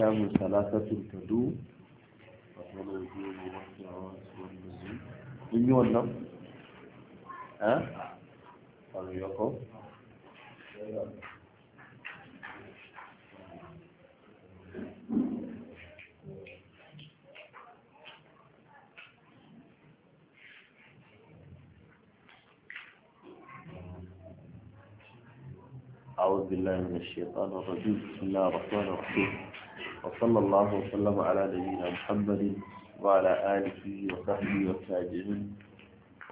الأقسام ثلاثة تدوم Mun yi wannan? Ha? Faru yako? أعوذ بالله من الشيطان الرجيم بسم الله الرحمن الرحيم وصلى الله وسلم على نبينا محمد وعلى آله وصحبه وسلم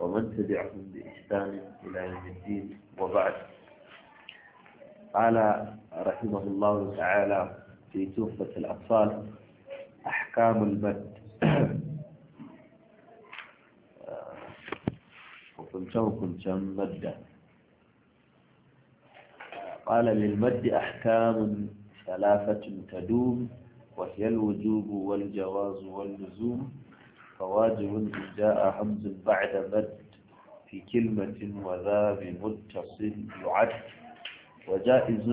ومن تبعهم بإحسان إلى يوم الدين وبعد قال رحمه الله تعالى في توفة الأطفال أحكام المد آه، وكنتم مدا قال للمد أحكام ثلاثة تدوم وهي الوجوب والجواز واللزوم فواجب إن جاء همز بعد مد في كلمة وذا بمتصل يعد وجائز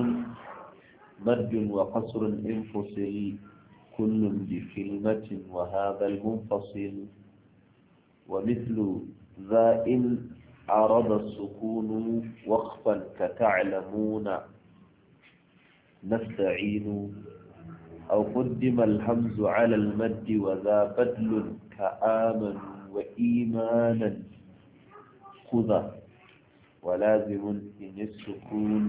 مد وقصر انفصل كل بكلمة وهذا المنفصل ومثل ذا إن أراد السكون وقفا كتعلمون نستعين أو قدم الهمز على المد وذا بدل كآمن وإيمانا خذا ولازم إن السكون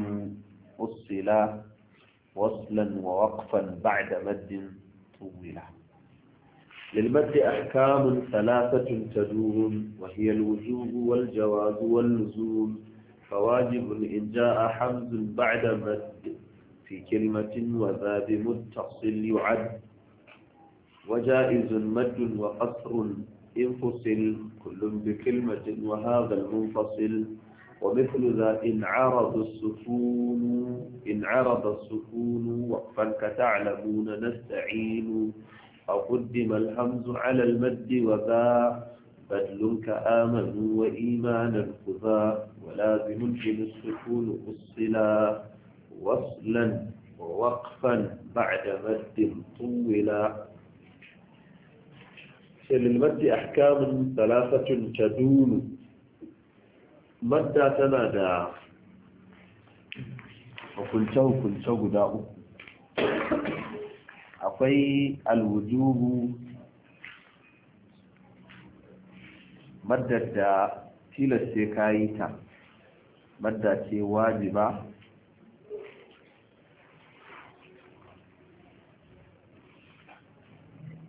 وصلا وصلا ووقفا بعد مد طولا للمد أحكام ثلاثة تدور وهي الوجوب والجواز واللزوم فواجب إن جاء حمز بعد مد في كلمة وذا بمتصل يعد وجائز مد وقصر انفصل كل بكلمة وهذا المنفصل ومثل ذا إن عرض السكون إن عرض السكون وقفا كتعلمون نستعين أو قدم الهمز على المد وذا بدل كآمنوا وإيمانا خذا ولازم الجن السكون أصلا وصلا ووقفا بعد مد طولا للمد أحكام ثلاثة تدول مد تنادى وكلته كلته قداء أقي الوجوب مد تلس كايتا مد واجبة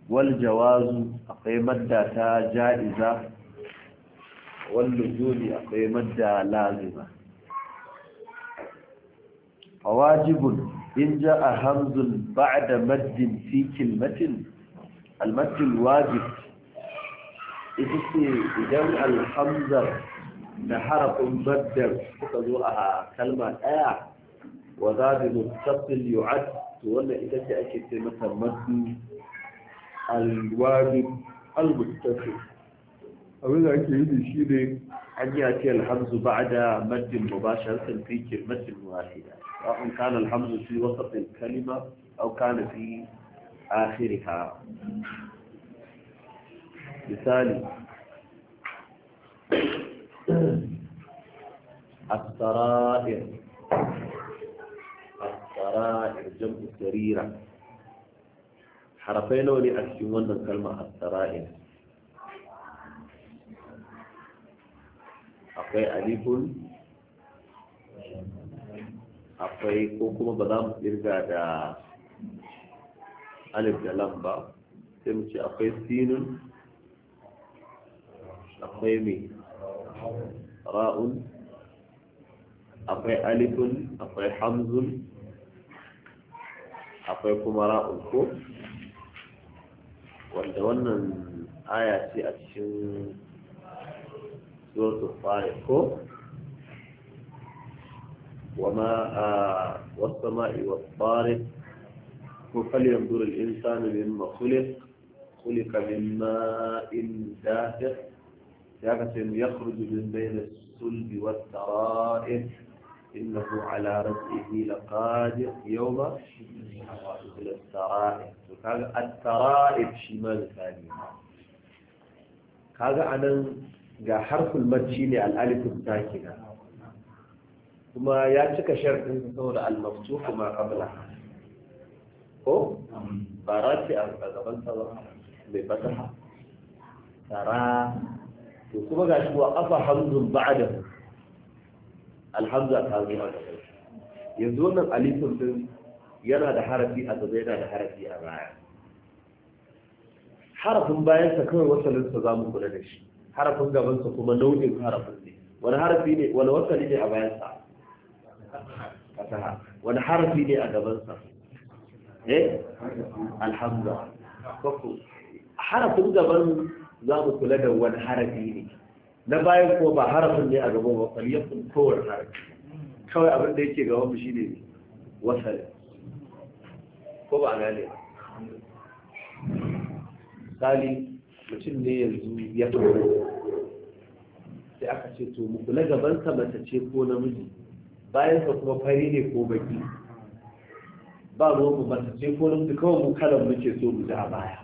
والجواز أقيمت تا جائزة واللجود أقيمت تا لازمة واجب إن جاء همز بعد مد في كلمة المد الواجب إذا جمع الحمزة نحرق بدر فتضوءها كلمة آية وذاب متصل يعد ولا إذا تأكد مثل مد الواجب المتصل أولا أكيد الشيء دي أن يأتي الحمز بعد مد مباشرة في كلمة واحدة وأن كان الحمز في وسط الكلمة أو كان في آخرها مثال السرائر السرائر جمع سريره harafai nawa ne a cikin wannan kalma as akwai alifun akwai ko kuma ba za mu kirga da alif da lam ba sai mu ce akwai sinun akwai mai ra'un akwai alifun akwai hamzun akwai kuma ra'un ko wanda wannan aya ce a cikin zuwa fara ko wama a wasu ma'i wa fara ko kaliyan durin insanin yin makulik خلق من ماء دافق يا قسم يخرج من بين الصلب والترائب إنه على رزقه لقادر يوم الترائب الترائب شمال ثاني هذا أنا جا حرف المتشيني على الألف التاكنة ثم يأتك شرق الثورة المفتوح وما قبلها أو باراتي أو كذا بنت بفتحة ترى وكما قاش هو أفا حمد بعده alhamza ta zo a gaban yanzu wannan alifin din yana da harafi a gaba yana da harafi a baya harafin bayansa kawai wasalinsa za mu kula da shi harafin gabansa kuma nau'in harafin ne wani harafi ne wani wasali ne a bayansa sa wani harafi ne a gabansa eh alhamza harafin gaban za mu kula da wani harafi ne na bayan ko ba harafin ne a gaban ya falyakun kowar harafi kawai abin da yake gaban shi ne wasal ko ba gane ba misali mutum ne yanzu ya tsoro sai aka ce to mu kula sa mata ce ko namiji bayan sa kuma fari ne ko baki ba ruwan mu mata ce ko namiji kawai mu kalan muke so mu ji a baya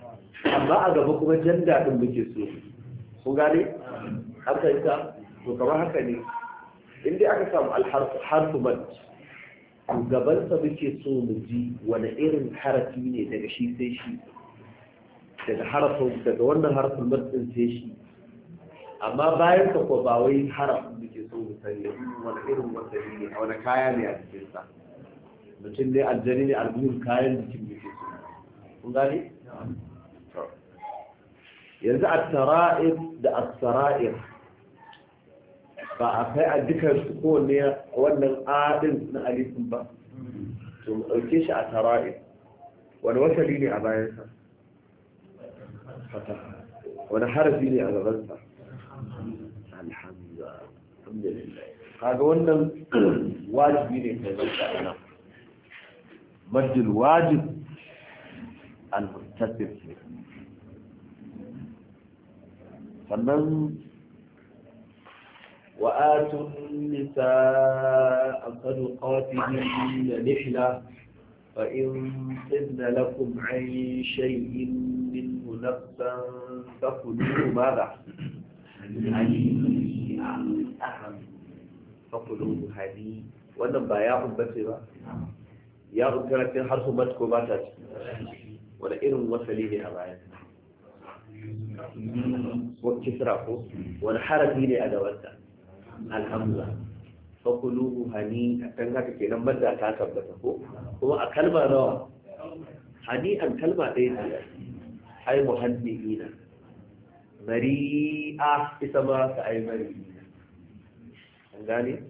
amma a gaba kuma jan daɗin muke so kun gane haka ita to kamar haka ne in aka samu alharfu mad gabansa muke so mu ji wani irin harafi ne daga shi sai shi daga harafin daga wannan harafin mad din sai shi amma bayan ka ko ba wai harafin muke so mu sani wani irin wanda ne a wani kaya ne a cikin sa mutum ne aljani ne aljinin kayan jikin muke so kun gane yanzu a tara'ib da a sara'ir ba a kai a dukkan su kowane wannan adin na alifin ba to mu ɗauke shi a tara'ib wani wasali ne a bayansa wani harafi ne a gabansa alhamdulillah kaga wannan wajibi ne kai zai nan majil wajib al-muttasil فمن وآتوا النساء صدقاتهن نحلة فإن صدن لكم عن شيء منه نفسا فقلوه ماذا؟ فكلوا هني وانا بايع بسرة يا رب كانت حرف مدكو باتت وانا ارم وصلي kisra ko wani harafi ne a gabanta. alhamdulillah fakuluhu hani a kan haka kenan banda ta tabbata ko kuma a kalma nawa hani an kalma ɗaya ce ai Mari a isa ma ta ai mari mari'ina an gane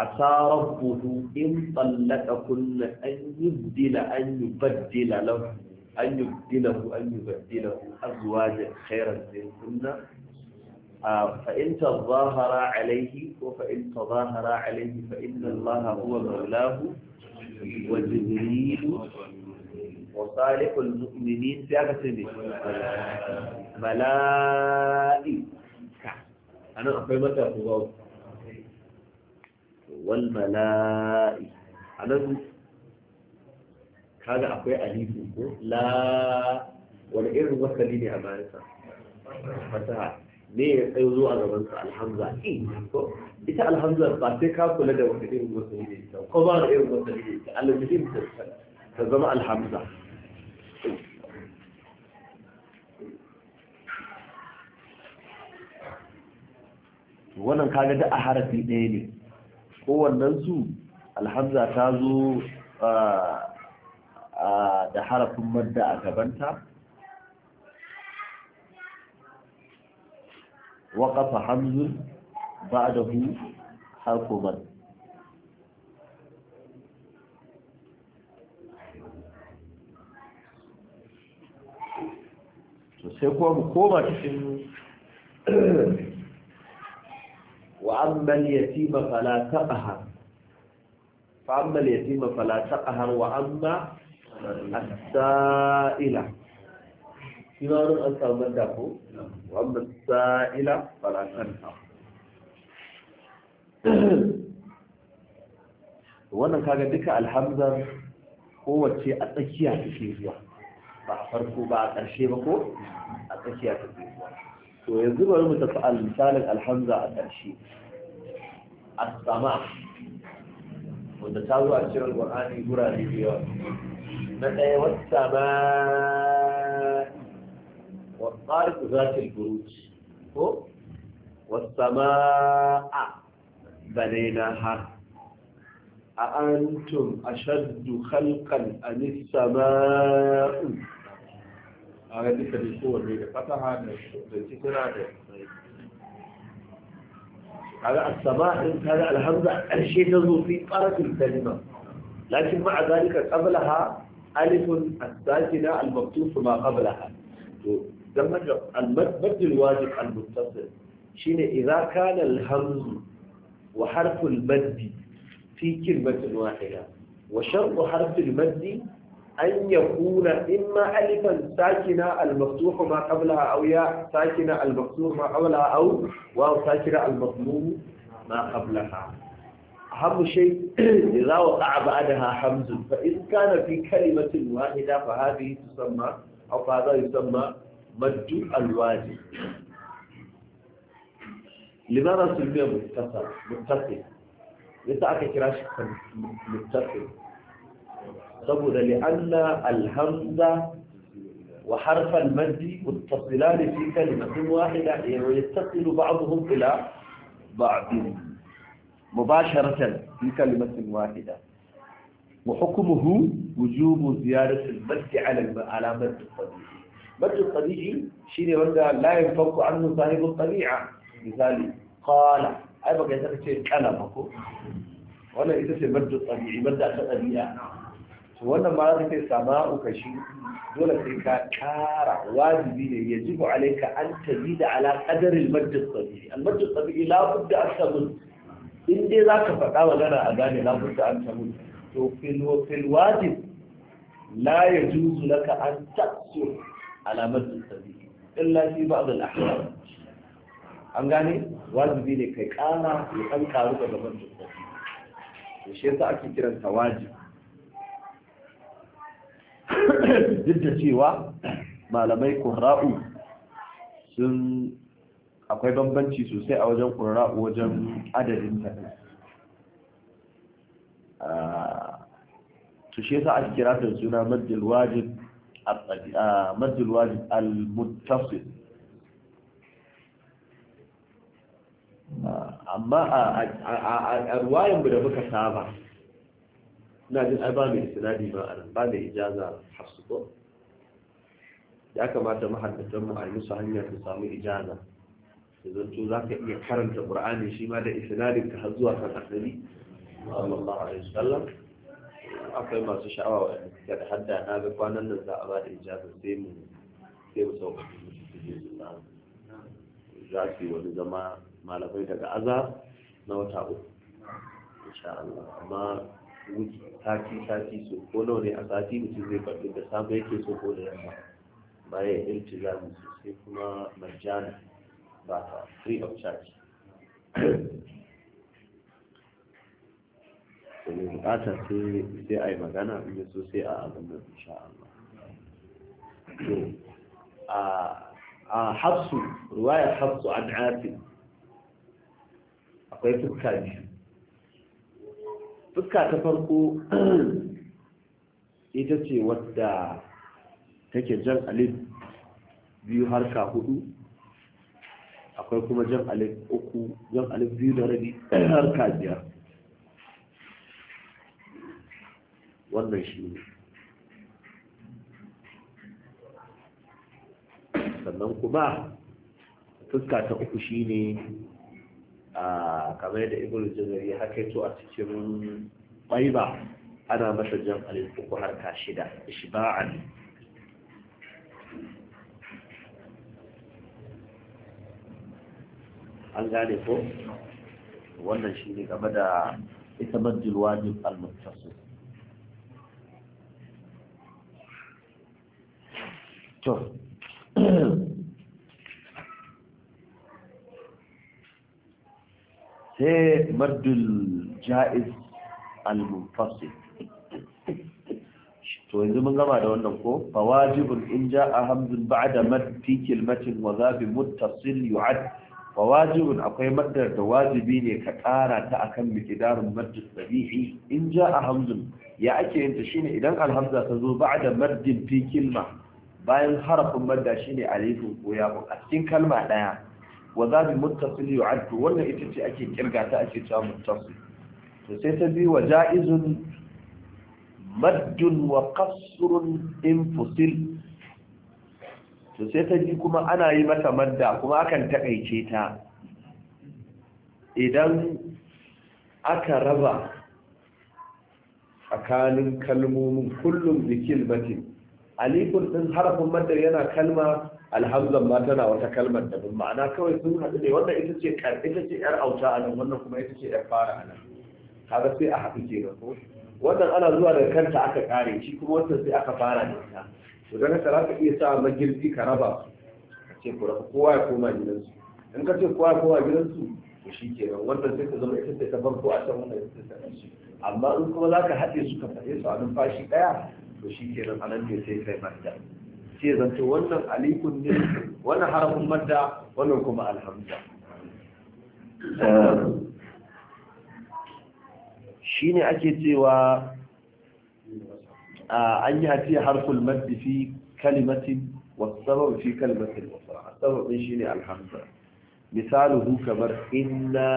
عسى ربه إن طلقكن أن يبدل أن يبدل له أن يبدله أن يبدله أزواجا خيرا منكن آه، فإن تظاهر عليه وفإن تظاهر عليه فإن الله هو مولاه وجبريل وصالح المؤمنين في أغسل ملائكة أنا أقيمتها في wal A anan kaga akwai alifu ko la wani irin wasali ne a bayansa fata ne ya tsayo zo a gabansa alhamza ko ita alhamza ba sai ka kula da wani irin wasali ne ita ko ba wani irin wasali ne ita alhamzin ta zama alhamza wannan kaga da a harafi ɗaya ne kowannen su alhamza ta zo da harafin madda a gabanta waƙafa hamzun ba da hu harkomar sai kuma koma cikin وَأَمَّا الْيَتِيمَ فَلَا تَقْهَرْ فَأَمَّا الْيَتِيمَ فَلَا تَقْهَرْ وَأَمَّا السَّائِلَ Kina da ko? Wannan sa’ila falakanta. Wannan kaga duka alhamzar kowace a tsakiya ta ke zuwa, ba a farko ba a ƙarshe ko? A tsakiya ta ke to yanzu bari mu tafi al misalin alhamza a ƙarshe as-sama wanda ta zo a cikin alqur'ani gurare da yawa na ɗaya was-sama wa tariq zatil buruj ko was-samaa بنيناها أأنتم أشد خلقا أم السماء آية على ذكر هذا الهمزة الشيء تظهر في طرف الكلمة لكن مع ذلك قبلها ألف الساكنة المكتوب ما قبلها المد الواجب المتصل شين إذا كان الهمز وحرف المد في كلمة واحدة وشرط حرف المد أن يكون إما ألفا ساكنا المفتوح ما قبلها أو يا ساكنا المفتوح ما قبلها أو واو ساكنا المضموم ما قبلها أهم شيء إذا وقع بعدها حمز فإن كان في كلمة واحدة فهذه تسمى أو فهذا يسمى مد الواجب لماذا سمي متصل متصل لسه أكي كراش متصل saboda li'anna alhamza wa harfan maddi muttasilani fi kalimatin wahida wa yattasilu ba'dhum ila ba'd mubasharatan fi kalimatin wahida وحكمه وجوب زيارة المد على على مد الطبيعي مد الطبيعي شيء لا ينفك عنه صاحب الطبيعة مثال قال أي يسألك شيء كلامك ولا إذا مد الطبيعي مد الطبيعة to wannan ma zaka ce sama'u ka shi dole sai ka kara wajibi ne ya jibu alaika an tabi da ala qadari al-madd al-sabi al-madd al-sabi la budda an tabun in dai zaka faɗa magana a gane la budda an tabun to fil fil wajib la yajuzu laka an taqsur ala madd al-sabi illa fi ba'd al-ahkam an gane wajibi ne kai kana ya kan karu daga madd al-sabi to shi yasa ake kiranta wajibi duk da cewa malamai ƙura'u, sun akwai bambanci sosai a wajen ƙura'u wajen adadin ta ah, to shi yasa ake kira da suna maddul wajib ah, al-muttasil ah, amma a ruwayan da muka saba na jin ai ba mai istinadi ba a ba mai ijaza hafsu ko ya kamata mahaddatan mu a yi musu hanyar su samu ijaza da zanto za ka iya karanta qur'ani shi ma da isnadin ka har zuwa kan asali sallallahu alaihi wasallam akwai masu sha'awa wa ya da hadda na ga kwanan nan za a ba da ijaza sai mu sai mu sauka za wani zama malamai daga azar na wata uku insha Allah amma wuce sati sati so ko nawa ne a sati mutum zai faɗi da safe yake so ko da yamma baya iltizami sosai kuma marjana ba ta free of charge da ne bukata sai a yi magana in yi so sai a abin da insha Allah a hafsu ruwayar hafsu an afi akwai fuka biyu fuska ta farko ita ce wadda take jan alif biyu harka hudu akwai kuma jan alif uku jan alif biyu da rabi harka biyar wannan shi ne sannan kuma fuska ta uku shi ne. a kamar da ibul jazari haka to a cikin ƙwaiba ana masa jan alif uku har shida ishba'an an gane ko wannan shi ne game da ita majil wajib al to sai maddul ja'iz al-munfasil to yanzu mun gama da wannan ko fa wajibun in ja'a hamzun ba'da mad fi kalmatin wa zabi muttasil yu'ad fa akwai maddar da wajibi ne ka ƙara ta akan miqdarun maddus sabihi in ja'a hamzun ya ake yin ta shine idan alhamza ta zo ba'da maddin fi kalma bayan harafin madda shine alifun ko ya a cikin kalma daya wa zabi muttasil yu'addu wannan ita ce ake kirga ta ake cewa muttasil to sai ta bi wa ja'izun maddun wa qasrun infusil to sai ta bi kuma ana yi mata madda kuma akan takaice ta idan aka raba tsakanin kalmomin kullum bikin kilmatin alifun din harafin madar yana kalma alhamzan ma tana wata kalmar da bin ma'ana kawai sun haɗu ne wannan ita ce kar ita ce yar auta a nan wannan kuma ita ce yar fara a nan kaga sai a haɗu ke ko wannan ana zuwa daga kanta aka kare shi kuma wannan sai aka fara da ita to dan haka za ka iya sa magirbi ka raba ka ce ku raba kowa ya koma gidansu in ka ce kowa ya koma gidansu to shi kenan wannan sai ka zama ita ce ta farko a can wannan ita ce ta ƙarshe amma in kuma za ka haɗe su ka faɗe su a numfashi ɗaya to shi kenan a nan ne sai kai mata sai zanto wannan alifun ne wannan haramun madda wannan kuma alhamza shi ne ake cewa an yi hati harful maddi fi kalimatin wasu fi kalimatin wasu sababin shi ne alhamza misaluhu kamar inna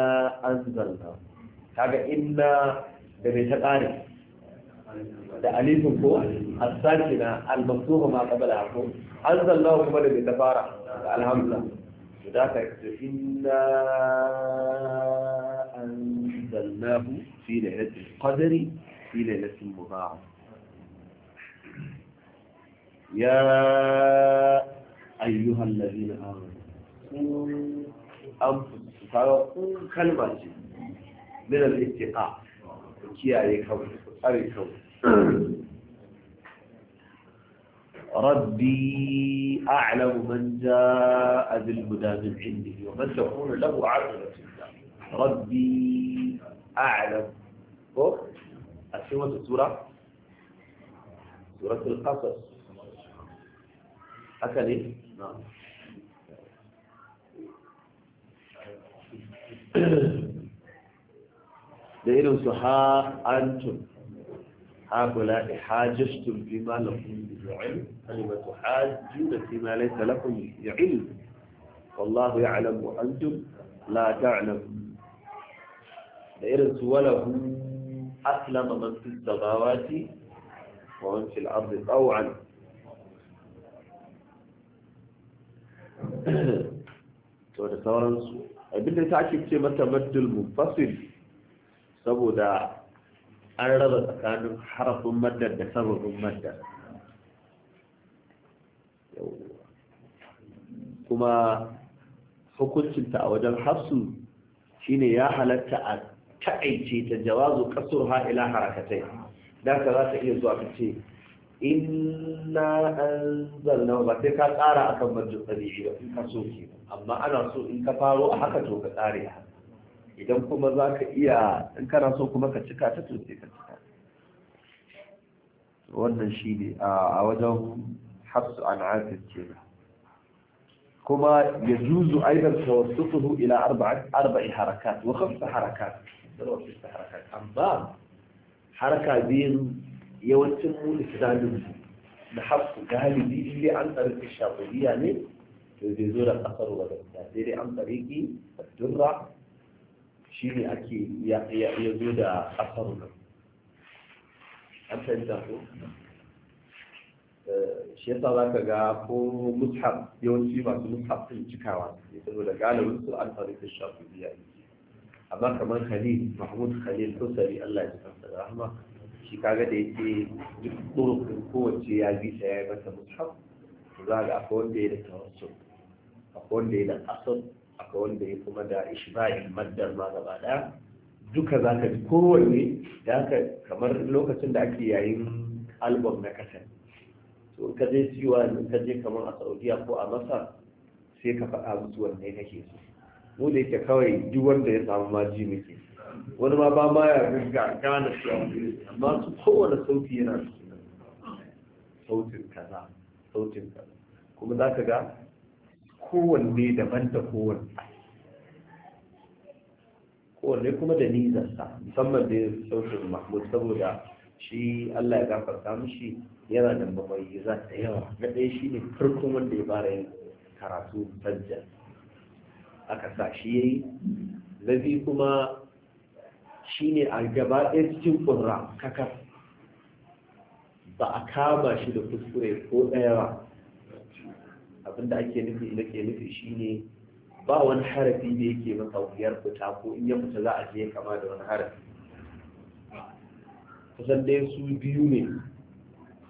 an zanna kaga inna da mai ta ƙare تأليفكم الساكنة المفتوحة ما قبل عفوكم عز الله قبل بتبارع الحمد لله ذاتك إنا أنزلناه في ليلة القدر في ليلة المضاعف يا أيها الذين آمنوا أنفسكم كلمة من الاتقاء كي أريكم أريكم ربي أعلم من جاء بالهدى من عنده ومن تكون له عاقبة ربي أعلم أسمى السورة سورة القصص أكلي نعم da سحاء أنتم هؤلاء حاججتم بما لكم به علم كلمة حاجون فيما ليس لكم علم والله يعلم وأنتم لا تعلم إرث وله أسلم من في السماوات ومن في الأرض طوعا to da ابن abinda ta متى مد المنفصل maddul an raba tsakanin harafin maddar da sababin maddar kuma hukuncinta a wajen hafsu shine ya halatta a ta'aice ta jawazu kasur ha harakatai dan ka za ta iya zuwa ka ce inna anzalna ba sai ka tsara akan marjin ba in ka so ke amma ana so in ka faro a haka to ka tsare idan kuma za ka iya in kana so kuma ka cika ta to sai ka cika wannan shi ne a wajen hafsu an asis ce kuma ya juzu wasu tuhu ila arba'i harakat wa khamsa harakat harakat amma haraka biyun yawancin mu islamin na hafsu galibi ile an tsarki shafuliya ne to zai zo da kasar wadanda sai dai an tsariki da durra shi ne ake ya zo da asarun nan an fahimta ko eh, shi yasa za ka ga ko mushaf yawanci masu mushaf sun cikawa ne saboda galibin su an ta shafi biya amma kamar khalil mahmud khalil kusari allah ya ji kansa da rahama shi kaga da yake duk ɗorofin kowace ya bi ta ya yi mata mushaf za ga akwai wanda ya da tawassul akwai wanda ya da asar akwai wanda ya kuma da ishba'il maddar ma gaba daya duka za ka ji kowanne da aka kamar lokacin da ake yayin album na kasa to ka je siwa ka je kamar a saudiya ko a masa sai ka faɗa musu wanne kake so mu da yake kawai duk wanda ya samu maji muke wani ma ba ma ya ga gane su amma su kowane sauti yana da sautin kaza sautin kaza kuma za ka ga kowanne daban da kowanne kowanne kuma da nizarsa musamman da sautin mahmud saboda shi allah ya gafarta mushi yana da za ta yawa na ɗaya shi ne farkon wanda ya fara yin karatu sajja aka sa shi ya yi na biyu kuma shi ne a gaba ɗaya cikin ƙurra kakar ba a kama shi da kuskure ko ɗaya ba da ake nufi da ke nufi shine ba wani harafi da yake masa wuyar fita ko in ya fita za a je kama da wani harafi kusan dai su biyu ne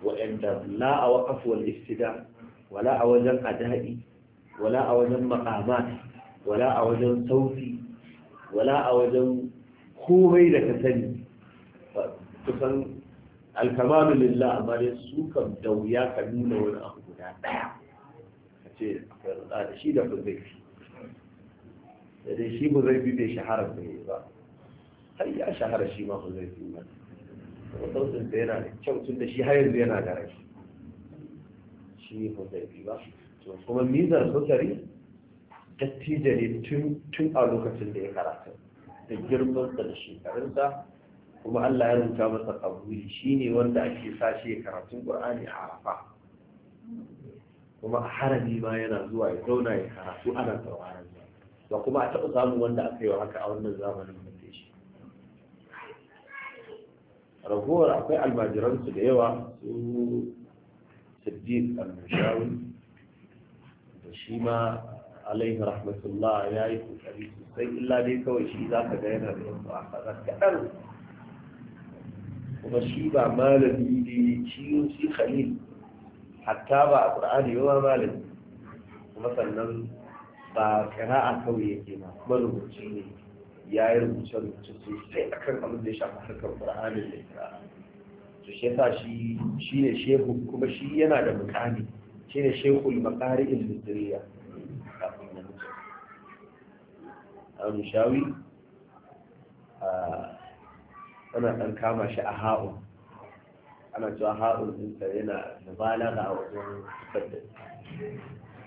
wa'anda la a waƙaf wal istida wala a wajen adai wala a wajen maqamat wala a wajen sauti wala a wajen komai da ka sani kusan alkamalu lillah amma dai su kam da wuya ka nuna wani abu guda ɗaya ce akwai rada da shi da fi? da dai shi zai fi bai shahara ne ba har ya shahara shi ma fi ba kuma da yana da kyau tun da shi har yanzu yana da rai shi zai fi ba kuma mizar sosari da ne tun a lokacin da ya karata da sa da shekarunsa kuma Allah ya rubuta masa kabuli shine wanda ake sa shi karatun Qur'ani a Arafa kuma harami ma yana zuwa ya zauna ya karatu ana sauraron sa ba kuma a taɓa samun wanda aka yi wa haka a wannan zamanin ce shi ragowar akwai almajiransu da yawa su siddiq al-mushawi da shi ma alaihi rahmatullah ya yi kokari Sai illa dai kawai shi za ka ga yana da yanzu a kaɗan kuma shi ba malami ne shi shi khalil hatta ba a ƙur'ani ba malami kuma sannan ba a kawai yake ba marubuci ne ya yi rubuce rubuce sosai a kan abin da ya shafi harkar ƙur'ani da kira'a to shi yasa shi shi ne shehu kuma shi yana da mukami shi ne shehul makari ilmitriya kafin ya mutu an shawi ah, ana ɗan kama shi a ha'un ana cewa ha'ul ɗinsa yana mubalaga a wajen fadda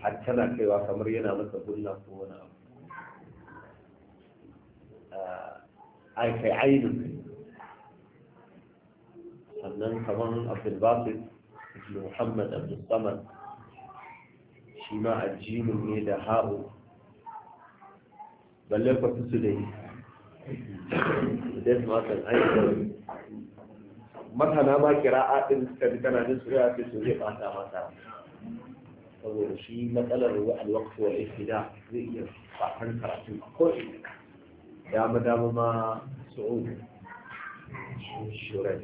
har tana kaiwa kamar yana masa hulla ko wani abu ai kai ainihin sannan kamar abdulbasir ibn muhammad abdulsamad shi ma aljinin ne da ha'u balle kwafi su dai da su makon ainihin مثلا ما قراءات التبتنان سوره تسوي فاتا فاتا فهو شيء مثلا هو الوقف والاهتداء زي فاحن قراءات المقول يا مدام ما سعود شورج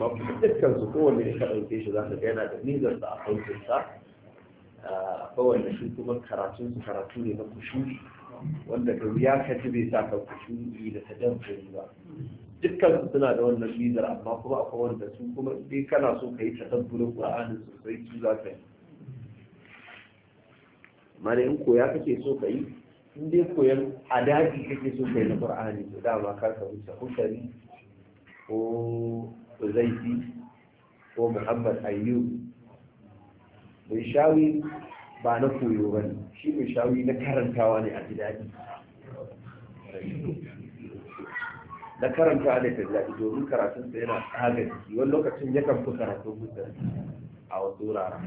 ما بتذكر زقوم اللي كان في شيء داخل كان هذا ميزر تاخذ في الصح فهو اللي شو كم كراتين كراتين ما كشوي وانا قبل يا كتبي ساكت كشوي اذا تدمر dukkan suna da wannan bizar amma kuma akwai wanda su kuma dai kana so ka yi tadabburin qur'ani sosai su za ka yi amma in koya kake so ka yi in dai koyan adadi kake so ka yi na qur'ani to dama ka ka wuce hukari ko zaifi ko muhammad ayyu mai shawi ba na koyo ba ne shi mai shawi na karantawa ne a gidaje da karanta a laifin zaɓi karatun karatunsa yana tsaga jiki wani lokacin ya kan fi karatu mutane. a wasu wuraren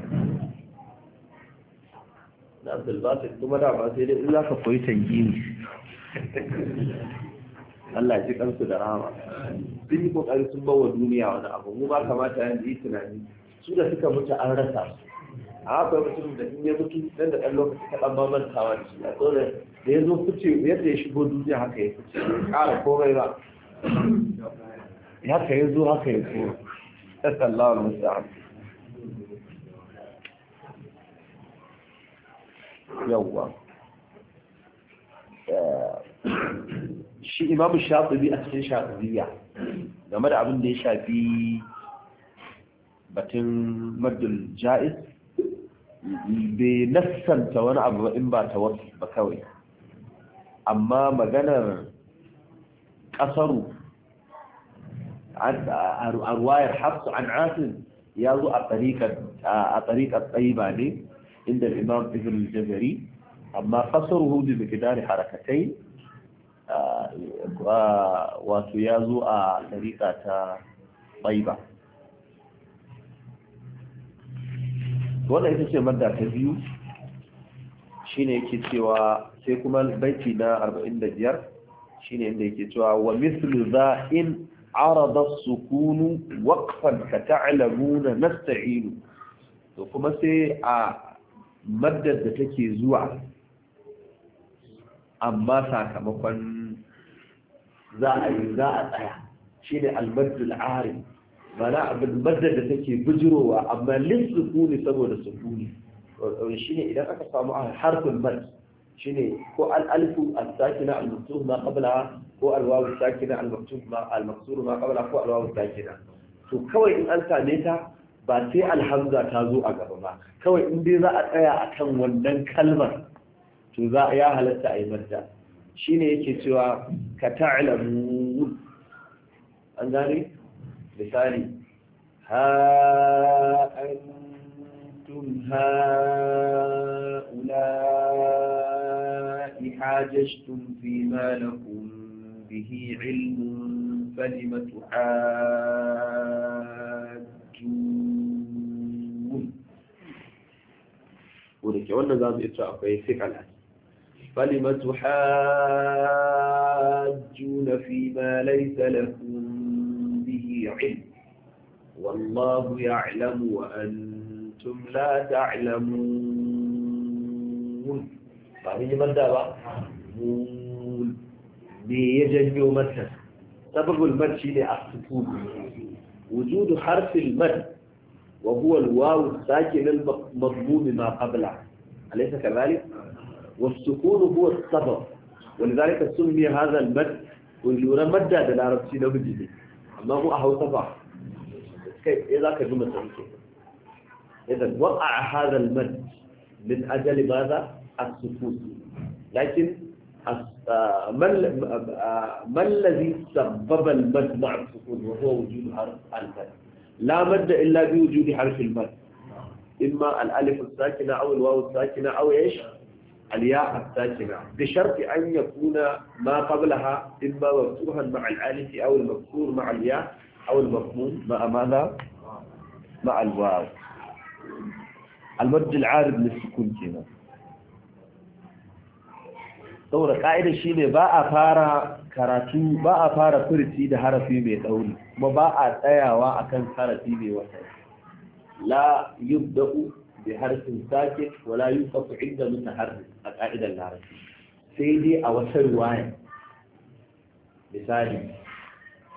na abdulbasir kuma da ba sai dai za ka koyi tangini Allah ji kansu da rama sun yi kokari sun bawa duniya wani abu mu ba kamata yanzu yi tunani su da suka mutu an rasa su a haka mutum da in ya mutu dan da ɗan lokaci kaɗan ɗan mantawa da shi a tsoron da ya zo fice yadda ya shigo duniya haka ya fice ya ƙara komai ba haka ya zo haka ya so sallallahu alaihi wasallam yawwa eh, shi imamu shafi a cikin shafiya game da abin da ya shafi batun maddul ja'iz bai nassanta wani abu in ba ta wasu ba kawai amma maganar قصروا عن أرواية حفص عن عاصم يالو الطريقة الطريقة الطيبة عند الإمام ابن الجزري أما قصروا هو دي بكدار حركتين آه، وسيازو الطريقة الطيبة wannan ita مدى manda شيني biyu shi ne yake cewa sai kuma baiti shine inda yake cewa wa mithlu za in arada sukunu waqfan ka ta'lamuna nasta'inu to kuma sai a maddar da take zuwa amma sakamakon za a yi za a tsaya shine al-maddul arim mana abin maddar da take bujirowa amma kuni saboda sukuni shi ne idan aka samu harfin mad shine ko al-alfu as-sakina al-maktub ma qabla ko al-wawu as-sakina al-maktub ma al-maksur ma qabla ko al-wawu as-sakina to kawai in an same ta ba sai alhamza ta zo a gaba ba kawai in dai za a tsaya akan wannan kalmar to za ya halatta a yi mata shine yake cewa ka ta'lamu an gane misali ha antum ha ula حاججتم فيما لكم به علم فلم تحاجون ولكن wannan ذا ita akwai fiqala فلم تحاجون فيما ليس لكم به علم والله يعلم وأنتم لا تعلمون ba ni liman da ba me ya janyo mata sababul mad shine as-sukun wujudu harfil mad wa huwa al-waw sakin al-madmum ma qabla alaysa kadhalik was-sukun huwa sabab ولذلك سمي هذا المد والجورة مدى دلارة سينا مجيدي أما هو أهو طبع كيف إذا كجمة سنكي إذا وقع هذا المد من أجل ماذا؟ السفوس لكن آه، آه، آه، ما الذي سبب المد مع السكون وهو وجود حرف المد لا مد إلا بوجود حرف المد إما الألف الساكنة أو الواو الساكنة أو إيش الياء الساكنة بشرط أن يكون ما قبلها إما مفتوحا مع الألف أو المكسور مع الياء أو المضمون مع ماذا مع الواو المد العارض للسكون كذا saboda ka'idar shi ne ba a fara karatu ba a fara furci da harafi mai tsauri kuma ba a tsayawa akan harafi mai wata la yubda'u bi harfin sake wala yusafu inda harfi a ka'idar larabci sai dai a wata riwaya misali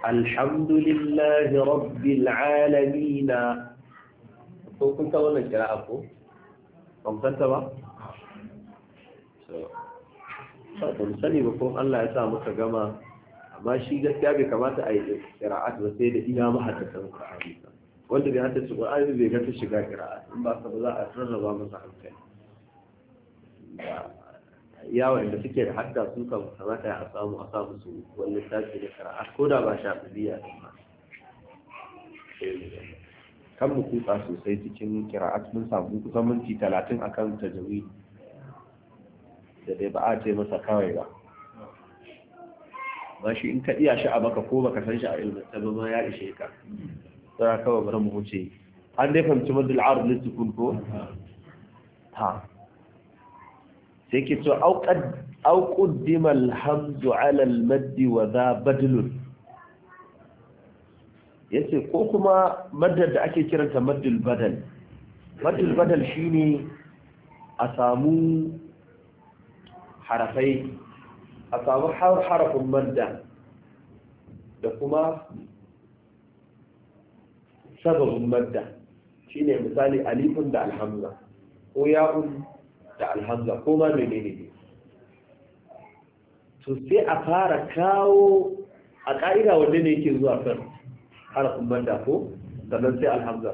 alhamdulillahi rabbil alamin ko kun ta wannan kira'a ko ban ba ba sani ba ko Allah ya sa muka gama amma shi gaskiya bai kamata a yi kira'at ba sai da iya mahaddasan Qur'ani wanda bai hatta su Qur'ani bai ga ta shiga kira'at in ba ka za a rarraba masa hankali ya wanda suke da hadda su kan kamata ya samu a samu su wani tashi da kira'at ko da ba shafi'iyya din ba kan mu kutsa sosai cikin kira'at mun samu kusan minti 30 akan tajawidi da dai ba a ce masa kawai ba ba shi in ka iya shi a baka ko baka san shi a ilmanta ba ya ishe ka tsara kawai bari mu an dai fahimci madal arz na sukun ko sai ke to auƙuddima alhamdu ala maddi wa za badlun yace ko kuma maddar da ake kiranta maddul badal maddul badal shine a samu harafai a samu harafin manda da kuma sababin madda shine misali alifin da alhamza ko ya'un da alhamza ko ma menene ne to sai a fara kawo a ƙa'ida wanda ne yake zuwa kan harafin madda ko sannan sai alhamza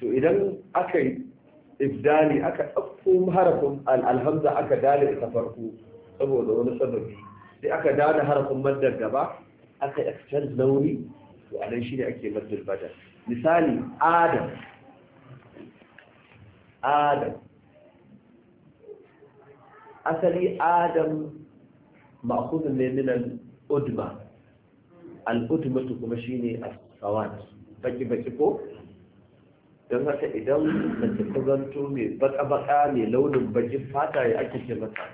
to idan aka yi ibdali aka ɗauko harafin alhamza aka dale ta farko saboda wani sababi sai aka dada harafin maddar gaba aka exchange launi to a nan shine ake maddar badal misali adam adam asali adam ma'khudun ne min al-udma al-udma kuma shine as sawad baki baki ko don haka idan mace ta zanto mai baka-baka mai launin bakin fata ya ake ce mata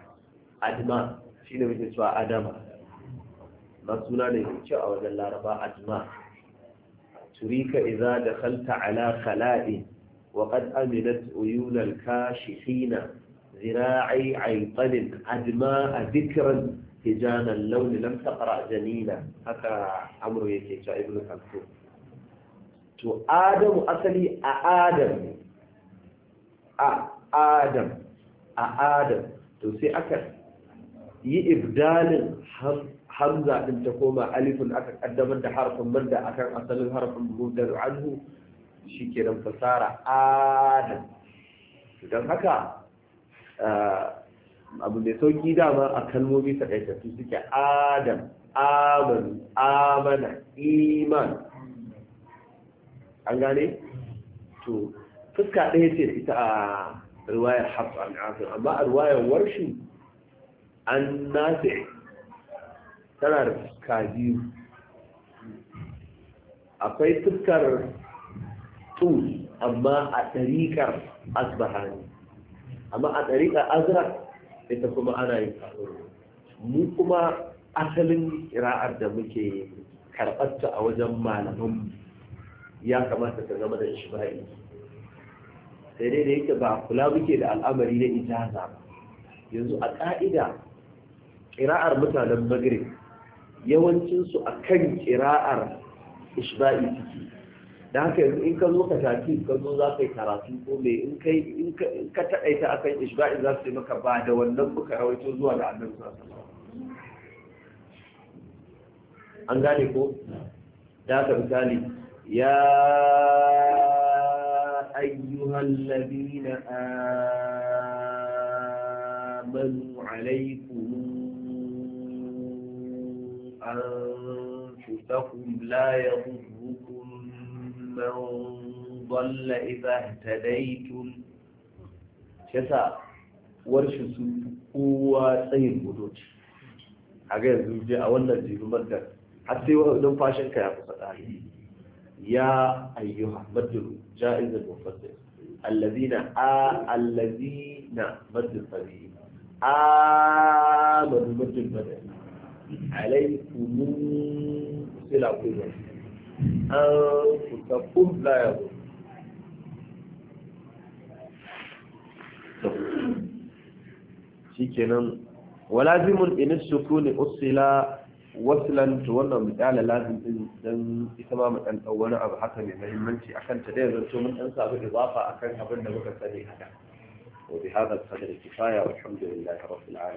adma shi ne muke cewa adama na da yake a wajen laraba adma turika idza dakhalta ala khala'i wa qad aminat uyun al-kashifina zira'i aytan adma a hijana al-lawn lam taqra janina haka amru yake cewa ibnu kalthum to adamu asali a adam a adam a adam to sai aka yi ibdalin hamza din ta koma alifin aka kaddamar da harfin a akan asalin harfin mudar anhu nan fasara adam don haka ah, abu mai sauki dama a kalmomi takaitattu suke adam amanu amana iman an gane to fuska ɗaya ce ita a ruwayar hafsa amma a ruwayar warshi an nafi tana Kabiru. akwai tukar tu amma a ɗariƙar asbahani amma a ɗariƙar azra ita kuma ana yin mu kuma asalin ra'ar da muke karɓarta a wajen malaman ya kamata ta zama da shiba'i sai dai da yake ba kula muke da al'amari na ijaza ba yanzu a ƙa'ida ƙira'ar mutanen magrib yawancinsu a kan ƙira'ar ishba'i suke da haka yanzu in ka zo ka tafi ka zo za ka yi karatu ko me in ka taɗaita a kan ishba'i za su yi maka ba da wannan muka rawaito zuwa da annan su an gane ko da haka misali ya ayyuhan ladina amanu alaikum أنفسكم لا يضركم من ضل إذا اهتديتم شسا ورش سوء سيد بدوت haka yanzu je a wannan jiru markar har sai numfashin ka ya kusa ɗari ya ayyuha maddu ja'izul mufassir allazina a allazina maddu sabi a maddu maddu عليكم سلع قوة أنفسكم لا يضر شكرا ولازم إن السكون أصلا وصلا تولى مثال لازم إن إتمام أن أولا أبحث من المهمنتي أكن تدير ذلك أنسى بالإضافة أكن أبن نبقى سليها وبهذا القدر الكفاية والحمد لله رب العالمين